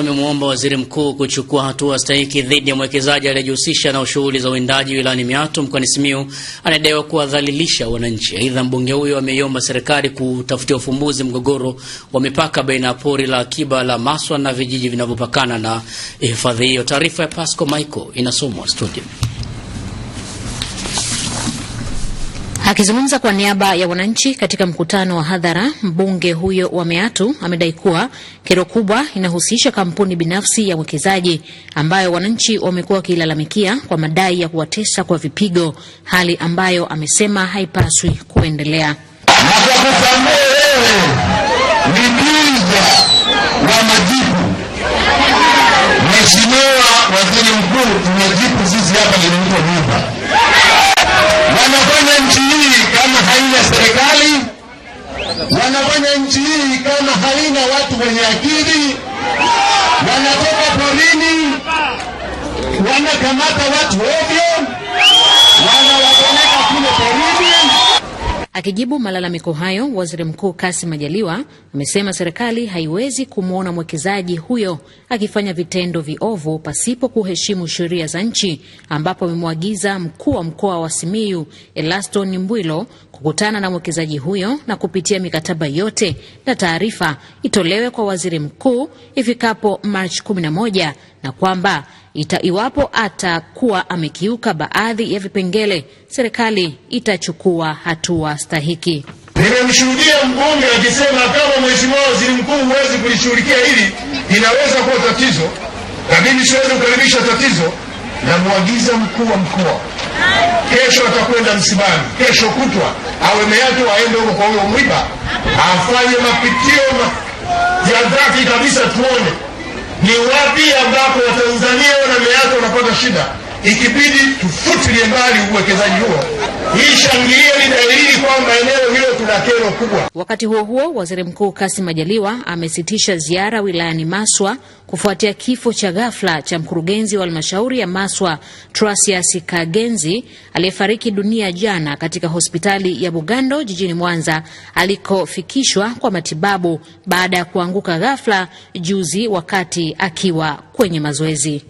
amemwomba waziri mkuu kuchukua hatua stahiki dhidi ya mwekezaji aliyejihusisha na shughuli za uwindaji wilayani Meatu mkoani Simiyu anayedaiwa kuwadhalilisha wananchi. Aidha, mbunge huyo ameiomba serikali kutafutia ufumbuzi mgogoro wa mipaka baina ya pori la akiba la Maswa na vijiji vinavyopakana na hifadhi hiyo. Taarifa ya Pasco Michael inasomwa studio. Akizungumza kwa niaba ya wananchi katika mkutano wa hadhara, mbunge huyo wa Meatu amedai kuwa kero kubwa inahusisha kampuni binafsi ya uwekezaji ambayo wananchi wamekuwa wakiilalamikia kwa madai ya kuwatesa kwa vipigo, hali ambayo amesema haipaswi kuendelea na kwa wewe kufanya nchi hii kama haina watu wenye akili. Wanatoka porini, wanakamata watu ovyo, wanawapeleka kule porini. Akijibu malalamiko hayo, waziri mkuu Kassim Majaliwa amesema serikali haiwezi kumwona mwekezaji huyo akifanya vitendo viovu pasipo kuheshimu sheria za nchi, ambapo amemwagiza mkuu wa mkoa wa Simiyu Elaston Mbwilo kukutana na mwekezaji huyo na kupitia mikataba yote na taarifa itolewe kwa waziri mkuu ifikapo Machi 11 na kwamba ita iwapo atakuwa amekiuka baadhi ya vipengele, serikali itachukua hatua stahiki. Nimemshuhudia mbunge akisema kama mheshimiwa waziri mkuu, huwezi kulishughulikia hili, inaweza kuwa tatizo, lakini siwezi kukaribisha tatizo. Namwagiza mkuu wa mkoa kesho atakwenda msibani, kesho kutwa aweme yake waende huko kwa huyo mwiba, afanye mapitio ya dhati kabisa, tuone ni wapi ambapo Watanzania wana miaka wanapata shida, ikibidi tufutilie mbali uwekezaji huo hii shangilia ni dalili kwamba eneo hilo tuna kero kubwa. Wakati huo huo, waziri mkuu Kassim Majaliwa amesitisha ziara wilayani Maswa kufuatia kifo cha ghafla cha mkurugenzi wa halmashauri ya Maswa Trasias Kagenzi aliyefariki dunia jana katika hospitali ya Bugando jijini Mwanza alikofikishwa kwa matibabu baada ya kuanguka ghafla juzi wakati akiwa kwenye mazoezi.